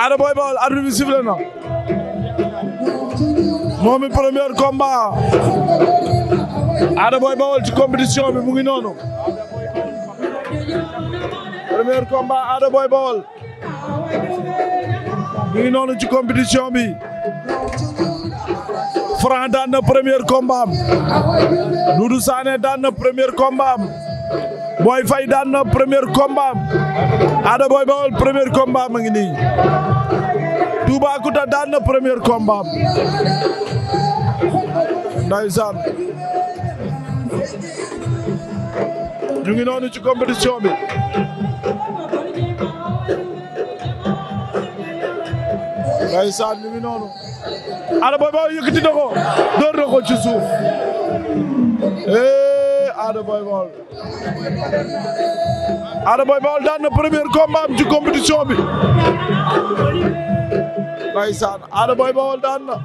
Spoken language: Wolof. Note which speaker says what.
Speaker 1: Ada Boy Baol arbitre bi sifflé na moom it premier combat Ada Boy Baol ci compétition bi mu ngi noonu premier combat Ada Boy Baol mu ngi noonu ci compétition bi Franc daan na premier combat am Doudou Sané daan na premier combat am Boy Faye daan na premier combat am Ada Boy Baol premier combat ma ngi nii Toubacouta daan na premier combat am ndeysaan ñu ngi noonu ci compétition bi ndeysaan ñu ngi noonu Ada Boy Baol yëkkati na ko door ci suuf eh. Ada Boy Baol Ada Boy Baol daan na premier combat bi ndeysaan Ada Boy Baol daan na